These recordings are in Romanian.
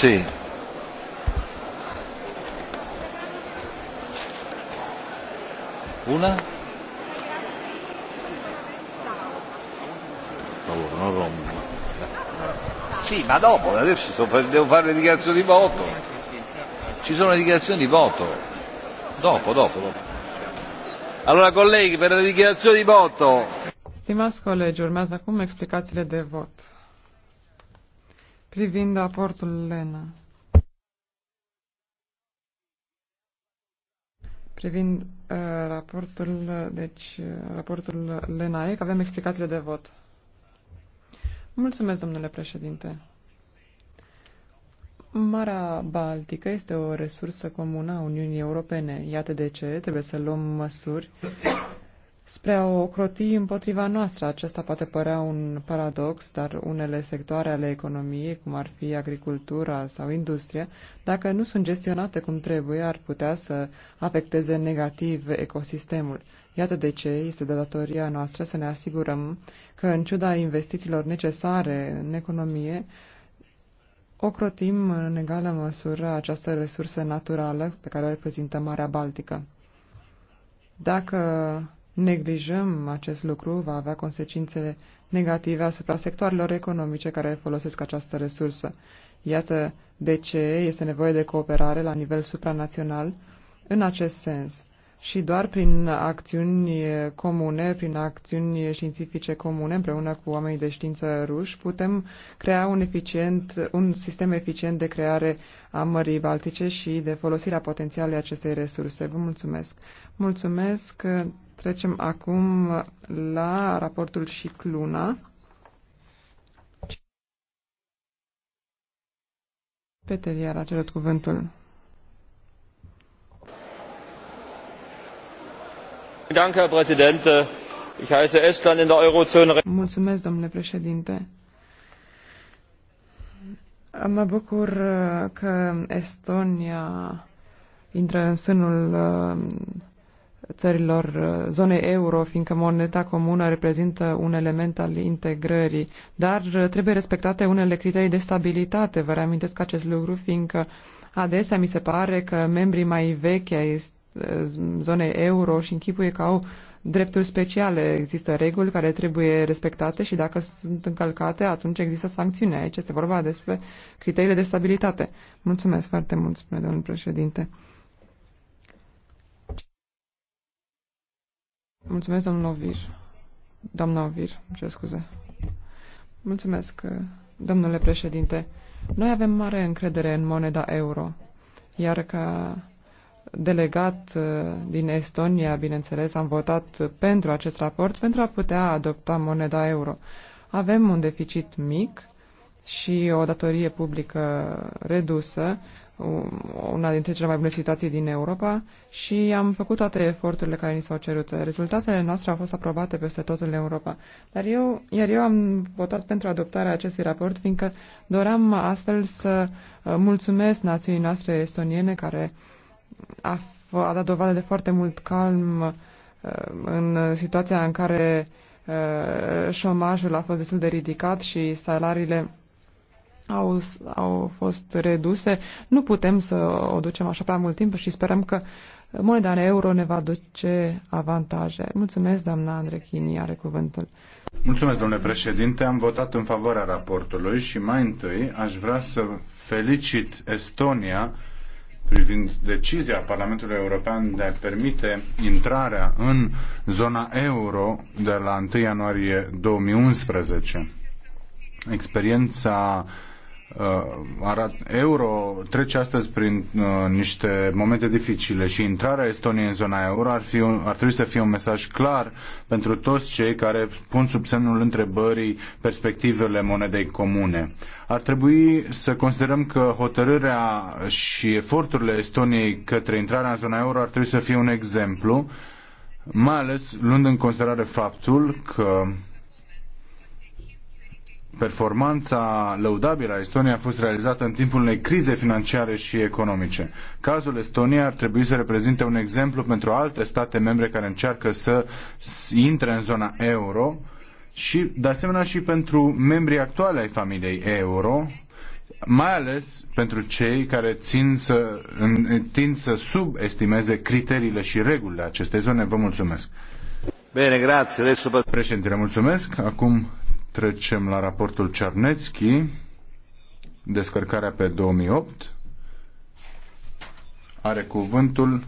Sí. Una. Allora, non rompo. Sì, ma dopo, adesso sto per, devo fare le dichiarazioni di voto. Ci sono le dichiarazioni di voto. Dopo, dopo, dopo. Allora, colleghi, per le dichiarazioni di voto. Stimați colegi, urmează acum explicațiile de vot privind raportul Lena. Privind uh, raportul, deci, uh, raportul Lena că avem explicațiile de vot. Mulțumesc, domnule președinte. Marea Baltică este o resursă comună a Uniunii Europene. Iată de ce trebuie să luăm măsuri spre a o croti împotriva noastră. Acesta poate părea un paradox, dar unele sectoare ale economiei, cum ar fi agricultura sau industria, dacă nu sunt gestionate cum trebuie, ar putea să afecteze negativ ecosistemul. Iată de ce este de datoria noastră să ne asigurăm că, în ciuda investițiilor necesare în economie, ocrotim în egală măsură această resursă naturală pe care o reprezintă Marea Baltică. Dacă neglijăm acest lucru, va avea consecințe negative asupra sectoarelor economice care folosesc această resursă. Iată de ce este nevoie de cooperare la nivel supranațional în acest sens și doar prin acțiuni comune, prin acțiuni științifice comune, împreună cu oamenii de știință ruși, putem crea un, eficient, un sistem eficient de creare a Mării Baltice și de folosirea potențialului acestei resurse. Vă mulțumesc! Mulțumesc! Trecem acum la raportul Șicluna. Peter iar a cerut cuvântul. Mulțumesc, domnule președinte. Mă bucur uh, că Estonia intră în sânul uh, țărilor uh, zonei euro, fiindcă moneda comună reprezintă un element al integrării, dar trebuie respectate unele criterii de stabilitate. Vă reamintesc acest lucru, fiindcă adesea mi se pare că membrii mai vechi ai zonei euro și închipuie că au drepturi speciale. Există reguli care trebuie respectate și dacă sunt încălcate, atunci există sancțiune. Aici este vorba despre criteriile de stabilitate. Mulțumesc foarte mult, spune domnul președinte. Mulțumesc, domnul Ovir. Doamna Ovir, ce scuze. Mulțumesc, domnule președinte. Noi avem mare încredere în moneda euro, iar ca delegat uh, din Estonia, bineînțeles, am votat pentru acest raport pentru a putea adopta moneda euro. Avem un deficit mic și o datorie publică redusă, una dintre cele mai bune situații din Europa și am făcut toate eforturile care ni s-au cerut. Rezultatele noastre au fost aprobate peste tot în Europa. Dar eu, iar eu am votat pentru adoptarea acestui raport, fiindcă doream astfel să uh, mulțumesc națiunii noastre estoniene care uh, a, a dat dovadă de foarte mult calm uh, în situația în care uh, șomajul a fost destul de ridicat și salariile au, au fost reduse. Nu putem să o ducem așa prea mult timp și sperăm că moneda în euro ne va duce avantaje. Mulțumesc, doamna Andrechini, are cuvântul. Mulțumesc, domnule președinte. Am votat în favoarea raportului și mai întâi aș vrea să felicit Estonia privind decizia Parlamentului European de a permite intrarea în zona euro de la 1 ianuarie 2011. Experiența Uh, arat, euro trece astăzi prin uh, niște momente dificile și intrarea Estoniei în zona euro ar, fi un, ar trebui să fie un mesaj clar pentru toți cei care pun sub semnul întrebării perspectivele monedei comune. Ar trebui să considerăm că hotărârea și eforturile Estoniei către intrarea în zona euro ar trebui să fie un exemplu, mai ales luând în considerare faptul că Performanța lăudabilă a Estoniei a fost realizată în timpul unei crize financiare și economice. Cazul Estoniei ar trebui să reprezinte un exemplu pentru alte state membre care încearcă să intre în zona euro și, de asemenea, și pentru membrii actuale ai familiei euro, mai ales pentru cei care țin să, tind să subestimeze criteriile și regulile acestei zone. Vă mulțumesc. Bine, grație. Deci, Președintele, mulțumesc. Acum Trecem la raportul Cernețchi, descărcarea pe 2008. Are cuvântul.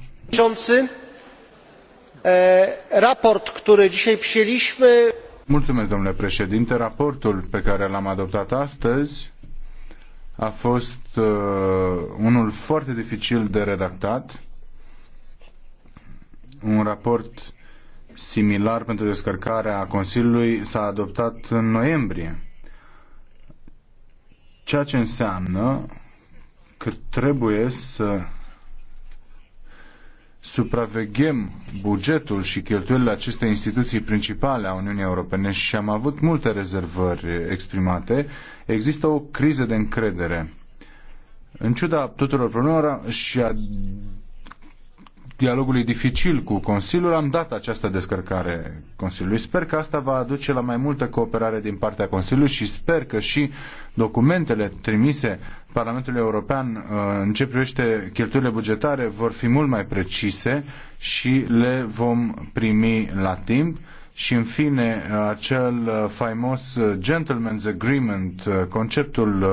Raport, care dzisiaj przyjęliśmy. Mulțumesc, domnule președinte. Raportul pe care l-am adoptat astăzi a fost uh, unul foarte dificil de redactat. Un raport similar pentru descărcarea Consiliului s-a adoptat în noiembrie. Ceea ce înseamnă că trebuie să supraveghem bugetul și cheltuielile acestei instituții principale a Uniunii Europene și am avut multe rezervări exprimate, există o criză de încredere. În ciuda tuturor problemelor și a dialogului dificil cu Consiliul, am dat această descărcare Consiliului. Sper că asta va aduce la mai multă cooperare din partea Consiliului și sper că și documentele trimise Parlamentului European uh, în ce privește cheltuielile bugetare vor fi mult mai precise și le vom primi la timp. Și în fine, acel uh, faimos uh, gentleman's agreement, conceptul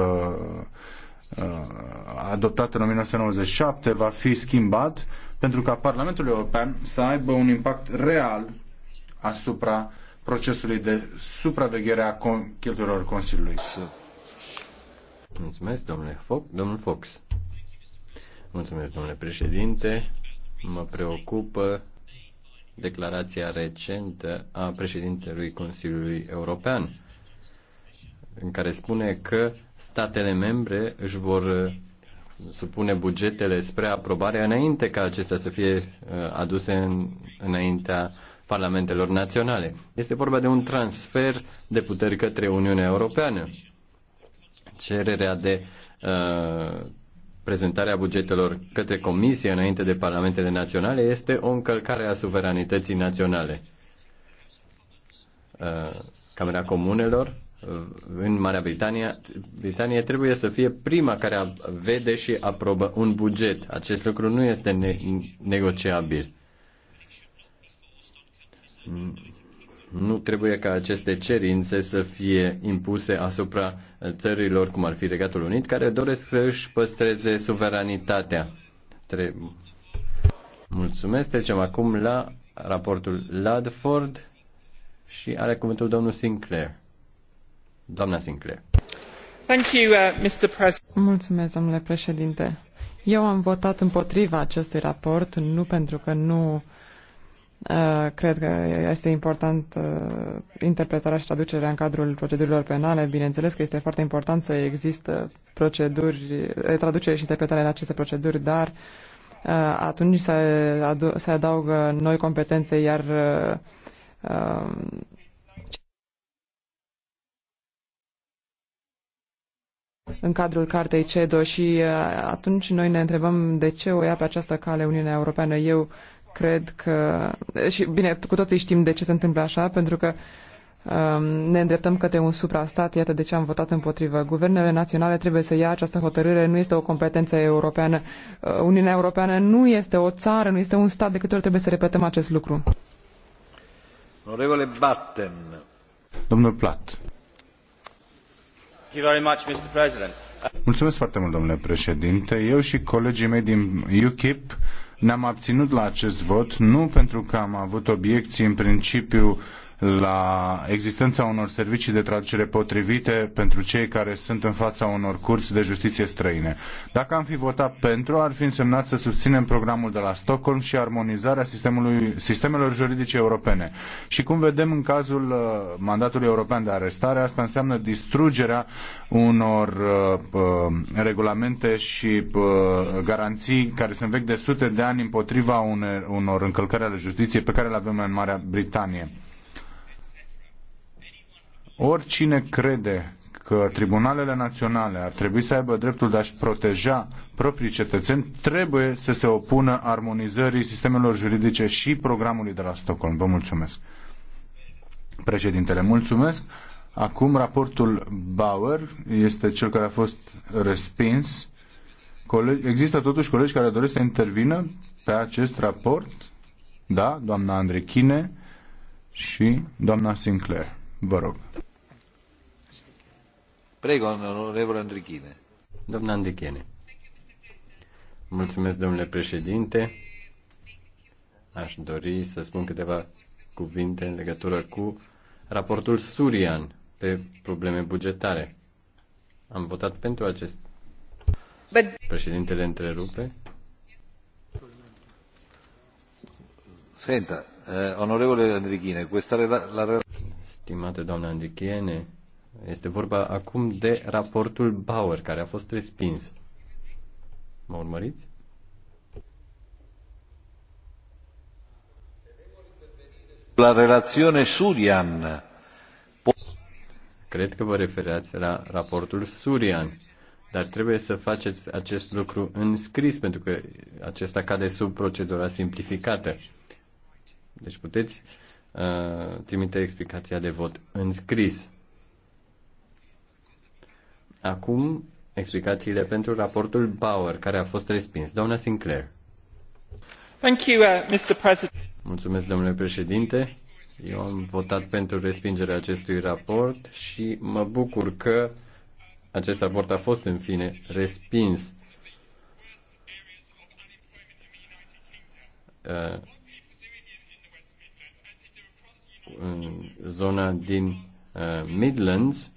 adoptat în 1997, va fi schimbat pentru ca Parlamentul European să aibă un impact real asupra procesului de supraveghere a cheltuielor Consiliului. Mulțumesc, domnule Fox. Domnul Fox. Mulțumesc, domnule președinte. Mă preocupă declarația recentă a președintelui Consiliului European, în care spune că statele membre își vor supune bugetele spre aprobare înainte ca acestea să fie uh, aduse în, înaintea parlamentelor naționale. Este vorba de un transfer de puteri către Uniunea Europeană. Cererea de uh, prezentarea bugetelor către Comisie înainte de parlamentele naționale este o încălcare a suveranității naționale. Uh, Camera Comunelor Uh, în Marea Britanie, Britanie trebuie să fie prima care vede și aprobă un buget. Acest lucru nu este ne- negociabil. Nu trebuie ca aceste cerințe să fie impuse asupra țărilor, cum ar fi Regatul Unit, care doresc să își păstreze suveranitatea. Tre- Mulțumesc. Trecem acum la raportul Ladford și are cuvântul domnul Sinclair. Doamna Sinclair. Thank you, uh, Mr. Mulțumesc, domnule președinte. Eu am votat împotriva acestui raport, nu pentru că nu uh, cred că este important uh, interpretarea și traducerea în cadrul procedurilor penale. Bineînțeles că este foarte important să există proceduri, traducere și interpretare în aceste proceduri, dar uh, atunci se, adu- se adaugă noi competențe, iar uh, în cadrul cartei CEDO și uh, atunci noi ne întrebăm de ce o ia pe această cale Uniunea Europeană. Eu cred că... Și bine, cu toții știm de ce se întâmplă așa, pentru că um, ne îndreptăm către un suprastat, iată de ce am votat împotrivă. Guvernele naționale trebuie să ia această hotărâre, nu este o competență europeană. Uh, Uniunea Europeană nu este o țară, nu este un stat, de câte ori trebuie să repetăm acest lucru. Batten. Domnul Plat. Mulțumesc foarte mult, domnule președinte. Eu și colegii mei din UKIP ne-am abținut la acest vot, nu pentru că am avut obiecții în principiu la existența unor servicii de traducere potrivite pentru cei care sunt în fața unor curți de justiție străine. Dacă am fi votat pentru, ar fi însemnat să susținem programul de la Stockholm și armonizarea sistemului, sistemelor juridice europene. Și cum vedem în cazul uh, mandatului european de arestare, asta înseamnă distrugerea unor uh, uh, regulamente și uh, garanții care sunt vechi de sute de ani împotriva unor încălcări ale justiției pe care le avem în Marea Britanie. Oricine crede că tribunalele naționale ar trebui să aibă dreptul de a-și proteja proprii cetățeni, trebuie să se opună armonizării sistemelor juridice și programului de la Stockholm. Vă mulțumesc. Președintele, mulțumesc. Acum raportul Bauer este cel care a fost respins. Colegi, există totuși colegi care doresc să intervină pe acest raport? Da, doamna Andrechine și doamna Sinclair. Vă rog. Prego, onorevole Andrichine. Doamna Andrichine. Mulțumesc, domnule președinte. Aș dori să spun câteva cuvinte în legătură cu raportul Surian pe probleme bugetare. Am votat pentru acest. But... Președintele întrerupe. Senta, eh, onorevole Andrichine, questa la, la... Stimate doamne Andrichine, este vorba acum de raportul Bauer, care a fost respins. Mă urmăriți? La relațiune Surian. Cred că vă referați la raportul Surian, dar trebuie să faceți acest lucru în scris, pentru că acesta cade sub procedura simplificată. Deci puteți uh, trimite explicația de vot în scris. Acum, explicațiile pentru raportul Bauer, care a fost respins. Doamna Sinclair. Thank you, uh, Mr. President. Mulțumesc, domnule președinte. Eu am votat pentru respingerea acestui raport și mă bucur că acest raport a fost în fine respins. Uh, în zona din uh, Midlands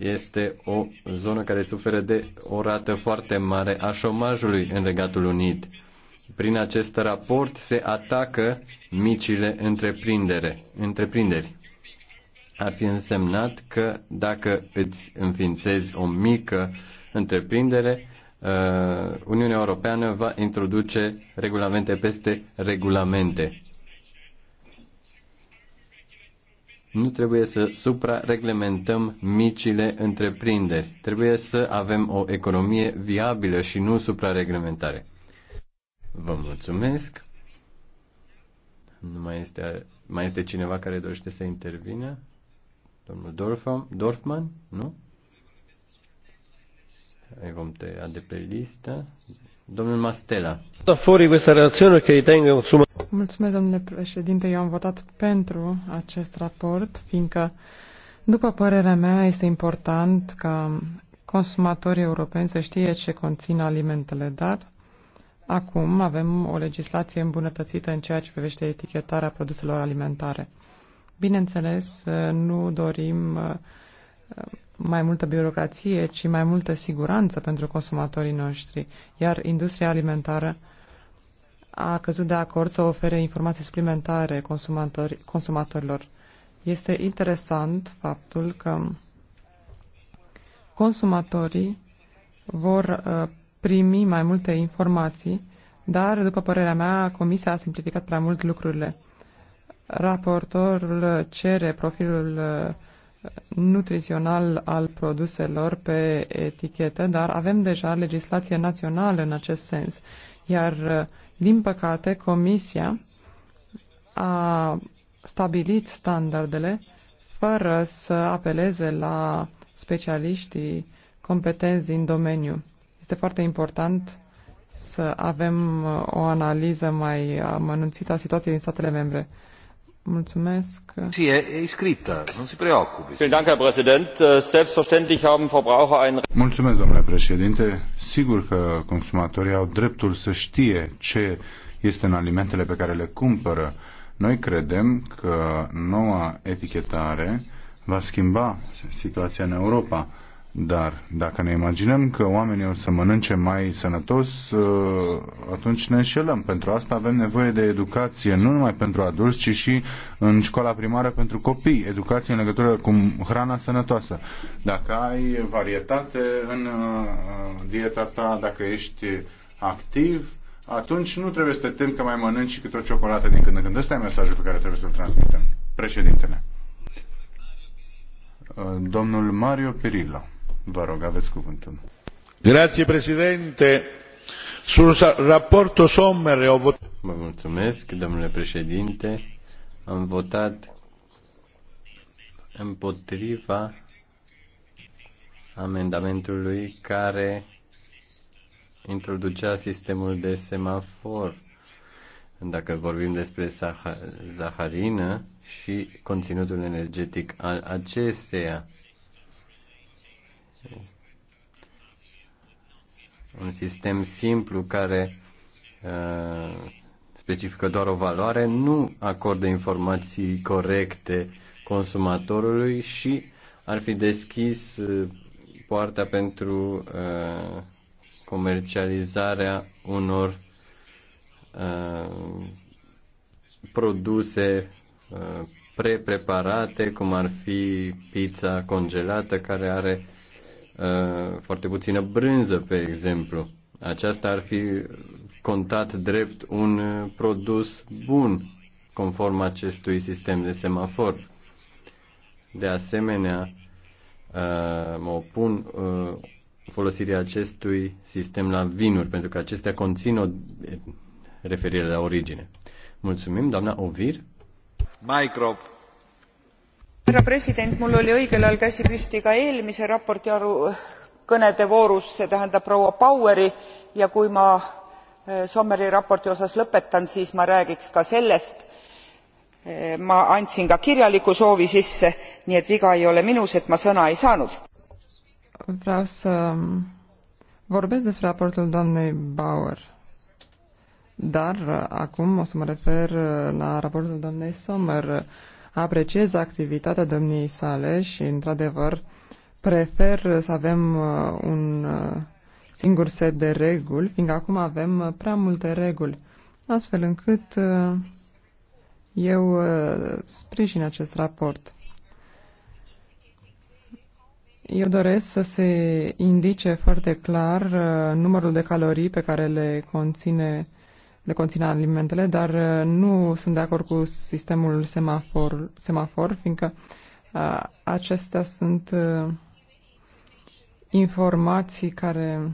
este o zonă care suferă de o rată foarte mare a șomajului în Regatul Unit. Prin acest raport se atacă micile întreprindere, întreprinderi. Ar fi însemnat că dacă îți înființezi o mică întreprindere, uh, Uniunea Europeană va introduce regulamente peste regulamente. Nu trebuie să suprareglementăm micile întreprinderi. Trebuie să avem o economie viabilă și nu suprareglementare. Vă mulțumesc. Nu mai este, mai este cineva care dorește să intervină? Domnul Dorfman, Dorfman nu? Ei vom tăia de pe listă. Domnul Mastela. Da fuori questa relazione che ritengo insomma Mulțumesc, domnule președinte. Eu am votat pentru acest raport, fiindcă, după părerea mea, este important ca consumatorii europeni să știe ce conțin alimentele, dar acum avem o legislație îmbunătățită în ceea ce privește etichetarea produselor alimentare. Bineînțeles, nu dorim uh, mai multă birocrație, ci mai multă siguranță pentru consumatorii noștri, iar industria alimentară a căzut de acord să ofere informații suplimentare consumatorilor. Este interesant faptul că consumatorii vor uh, primi mai multe informații, dar, după părerea mea, Comisia a simplificat prea mult lucrurile. Raportorul cere profilul uh, nutrițional al produselor pe etichetă, dar avem deja legislație națională în acest sens, iar uh, din păcate, Comisia a stabilit standardele fără să apeleze la specialiștii competenți din domeniu. Este foarte important să avem uh, o analiză mai amănunțită a situației din statele membre. Mulțumesc. E nu se Mulțumesc, domnule președinte. Sigur că consumatorii au dreptul să știe ce este în alimentele pe care le cumpără. Noi credem că noua etichetare va schimba situația în Europa dar dacă ne imaginăm că oamenii o să mănânce mai sănătos, uh, atunci ne înșelăm. Pentru asta avem nevoie de educație, nu numai pentru adulți, ci și în școala primară pentru copii. Educație în legătură cu hrana sănătoasă. Dacă ai varietate în uh, dieta ta, dacă ești activ, atunci nu trebuie să te temi că mai mănânci și câte o ciocolată din când în când. Ăsta e mesajul pe care trebuie să-l transmitem. Președintele. Uh, domnul Mario Pirillo. Vă rog, aveți cuvântul. Grazie, președinte. Sul raportul Sommer votat. Vă mulțumesc, domnule președinte. Am votat împotriva amendamentului care introducea sistemul de semafor. Dacă vorbim despre zaharină și conținutul energetic al acesteia, un sistem simplu care uh, specifică doar o valoare nu acordă informații corecte consumatorului și ar fi deschis uh, poarta pentru uh, comercializarea unor uh, produse uh, prepreparate, cum ar fi pizza congelată, care are Uh, foarte puțină brânză, pe exemplu. Aceasta ar fi contat drept un uh, produs bun, conform acestui sistem de semafor. De asemenea, uh, mă opun folosirea acestui sistem la vinuri, pentru că acestea conțin o referire la origine. Mulțumim, doamna Ovir. Microf mul oli õigel ajal käsi püsti ka eelmise raporti kõnede voorus see tähendab proua baueri ja kui ma eh, sommeri raporti osas lõpetan siis ma räägiks ka sellest. Eh, ma andsin ka kirjaliku soovi sisse nii et viga ei ole minus et ma sõna ei saanud. vreau să vorbesc despre raportul doamnei bauer dar acum o să mă refer eh, la raportul doamnei sommer Apreciez activitatea domniei sale și, într-adevăr, prefer să avem uh, un uh, singur set de reguli, fiindcă acum avem uh, prea multe reguli, astfel încât eu sprijin acest raport. Eu doresc să se indice foarte clar numărul de calorii pe care le conține le conțin alimentele, dar uh, nu sunt de acord cu sistemul semafor, semafor fiindcă uh, acestea sunt uh, informații care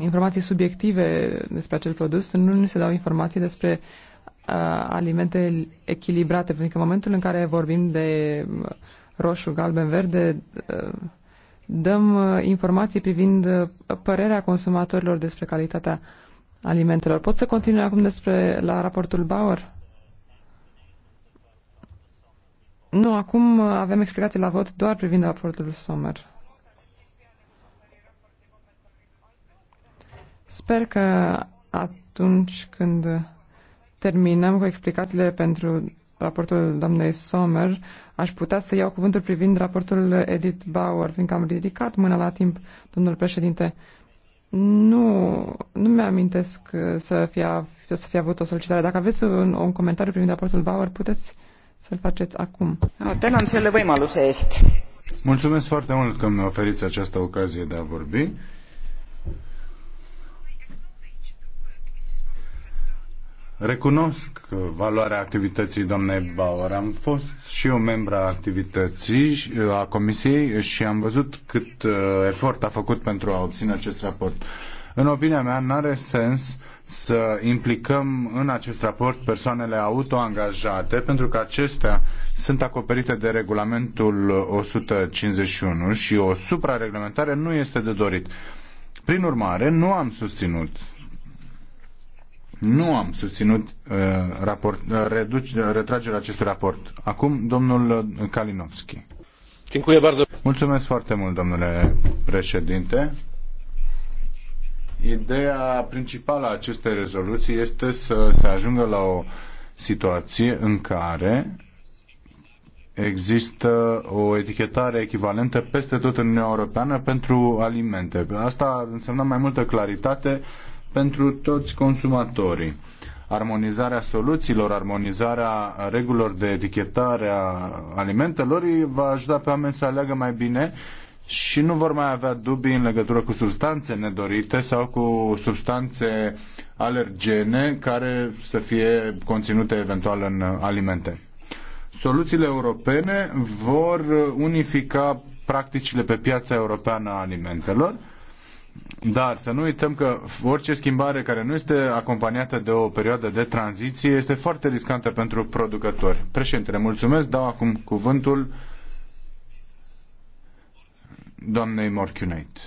informații subiective despre acel produs, nu ni se dau informații despre uh, alimente echilibrate, pentru că în momentul în care vorbim de uh, roșu, galben, verde, uh, dăm uh, informații privind părerea consumatorilor despre calitatea uh, alimentelor. Pot să continui acum despre la raportul Bauer? Nu, acum avem explicații la vot doar privind raportul Sommer. Sper că atunci când terminăm cu explicațiile pentru raportul doamnei Sommer, aș putea să iau cuvântul privind raportul Edith Bauer, fiindcă am ridicat mâna la timp, domnul președinte. Nu, nu mi-amintesc uh, să fi, să fi avut o solicitare. Dacă aveți un, un comentariu privind raportul Bauer, puteți să-l faceți acum. Tänan voi võimaluse eest. Mulțumesc foarte mult că mi-a oferit această ocazie de a vorbi Recunosc valoarea activității doamnei Bauer. Am fost și eu membra activității a comisiei și am văzut cât uh, efort a făcut pentru a obține acest raport. În opinia mea, nu are sens să implicăm în acest raport persoanele autoangajate, pentru că acestea sunt acoperite de regulamentul 151 și o suprareglementare nu este de dorit. Prin urmare, nu am susținut nu am susținut uh, raport, uh, reduci, uh, retragerea acestui raport. Acum, domnul uh, Kalinowski. Mulțumesc foarte mult, domnule președinte. Ideea principală a acestei rezoluții este să se ajungă la o situație în care există o etichetare echivalentă peste tot în Uniunea Europeană pentru alimente. Asta ar însemna mai multă claritate pentru toți consumatorii. Armonizarea soluțiilor, armonizarea regulilor de etichetare a alimentelor îi va ajuta pe oameni să aleagă mai bine și nu vor mai avea dubii în legătură cu substanțe nedorite sau cu substanțe alergene care să fie conținute eventual în alimente. Soluțiile europene vor unifica practicile pe piața europeană a alimentelor dar să nu uităm că orice schimbare care nu este acompaniată de o perioadă de tranziție este foarte riscantă pentru producători. Președintele, mulțumesc. Dau acum cuvântul doamnei Morchiuneit.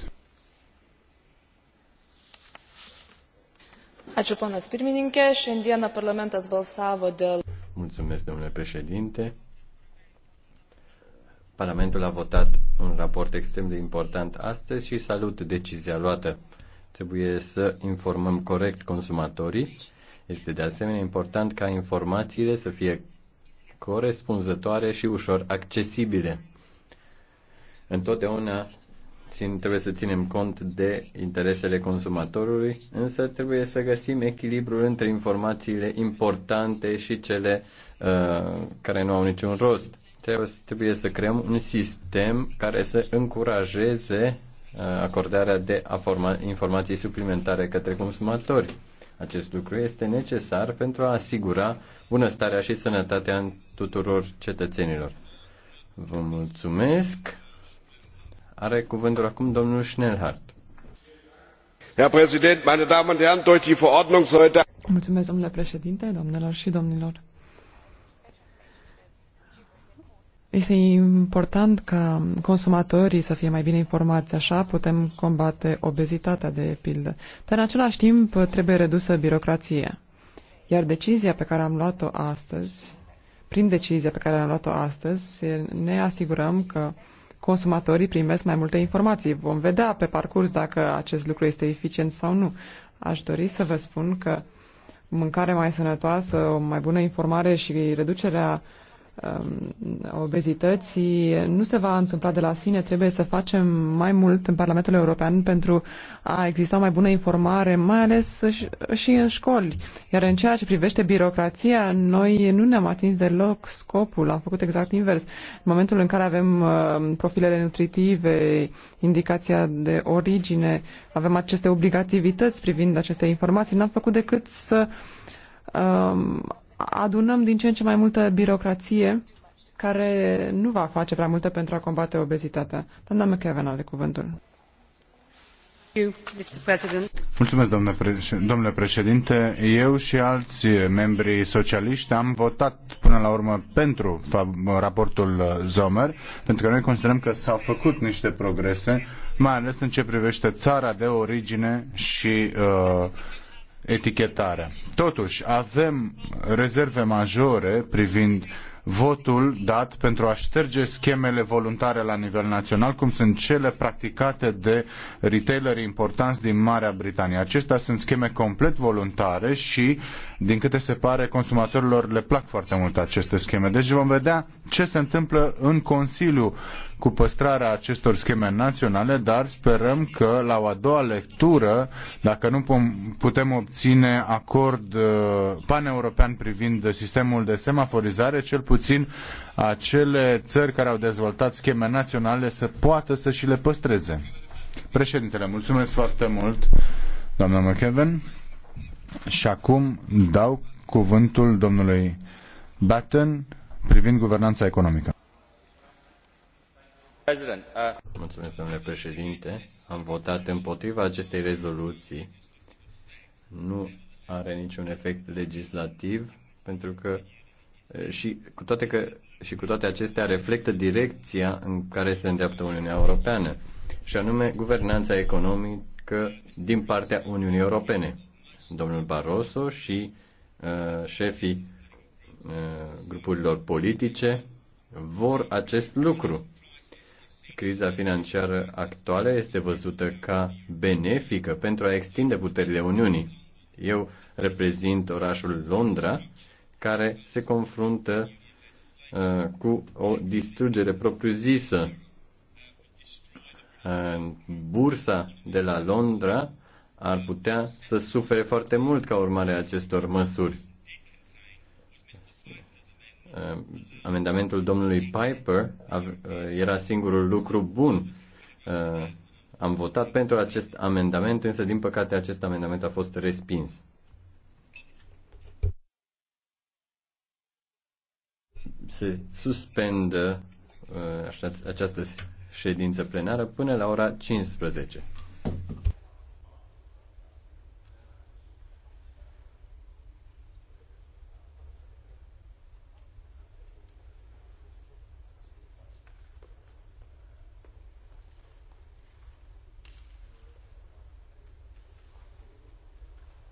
Ačiū, ponas pirmininkė. Šiandieną parlamentas balsavo dėl. Mulțumesc, domnule președinte. Parlamentul a votat un raport extrem de important astăzi și salut decizia luată. Trebuie să informăm corect consumatorii. Este de asemenea important ca informațiile să fie corespunzătoare și ușor accesibile. Întotdeauna țin, trebuie să ținem cont de interesele consumatorului, însă trebuie să găsim echilibrul între informațiile importante și cele uh, care nu au niciun rost trebuie să creăm un sistem care să încurajeze uh, acordarea de informații suplimentare către consumatori. Acest lucru este necesar pentru a asigura bunăstarea și sănătatea în tuturor cetățenilor. Vă mulțumesc. Are cuvântul acum domnul Schnellhardt. Herr Präsident, meine Damen und Herren, durch die Verordnung sollte... Mulțumesc, domnule președinte, domnilor și domnilor. Este important ca consumatorii să fie mai bine informați, așa putem combate obezitatea, de pildă. Dar în același timp trebuie redusă birocrația. Iar decizia pe care am luat-o astăzi, prin decizia pe care am luat-o astăzi, ne asigurăm că consumatorii primesc mai multe informații. Vom vedea pe parcurs dacă acest lucru este eficient sau nu. Aș dori să vă spun că mâncare mai sănătoasă, o mai bună informare și reducerea uh, Um, obezității nu se va întâmpla de la sine. Trebuie să facem mai mult în Parlamentul European pentru a exista mai bună informare, mai ales și în școli. Iar în ceea ce privește birocrația, noi nu ne-am atins deloc scopul, am făcut exact invers. În momentul în care avem uh, profilele nutritive, indicația de origine, avem aceste obligativități privind aceste informații, n-am făcut decât să um, adunăm din ce în ce mai multă birocrație care nu va face prea multe pentru a combate obezitatea. Doamna McEwen are cuvântul. Mulțumesc, domnule președinte. Eu și alți membri socialiști am votat până la urmă pentru raportul Zomer, pentru că noi considerăm că s-au făcut niște progrese, mai ales în ce privește țara de origine și uh, etichetarea. Totuși, avem rezerve majore privind votul dat pentru a șterge schemele voluntare la nivel național, cum sunt cele practicate de retaileri importanți din Marea Britanie. Acestea sunt scheme complet voluntare și, din câte se pare, consumatorilor le plac foarte mult aceste scheme. Deci vom vedea ce se întâmplă în Consiliu cu păstrarea acestor scheme naționale, dar sperăm că la o a doua lectură, dacă nu putem obține acord uh, paneuropean privind sistemul de semaforizare, cel puțin acele țări care au dezvoltat scheme naționale să poată să și le păstreze. Președintele, mulțumesc foarte mult, doamna McKeven. Și acum dau cuvântul domnului Batten privind guvernanța economică. Uh, Mulțumesc, domnule președinte. Am votat împotriva acestei rezoluții. Nu are niciun efect legislativ, pentru că și cu toate că și cu toate acestea reflectă direcția în care se îndreaptă Uniunea Europeană, și anume guvernanța economică din partea Uniunii Europene. Domnul Barroso și uh, șefii uh, grupurilor politice vor acest lucru criza financiară actuală este văzută ca benefică pentru a extinde puterile Uniunii. Eu reprezint orașul Londra, care se confruntă uh, cu o distrugere propriu-zisă. Uh, bursa de la Londra ar putea să sufere foarte mult ca urmare a acestor măsuri. Uh, amendamentul domnului Piper uh, era singurul lucru bun. Uh, am votat pentru acest amendament, însă din păcate acest amendament a fost respins. Se suspendă această ședință plenară până la ora 15.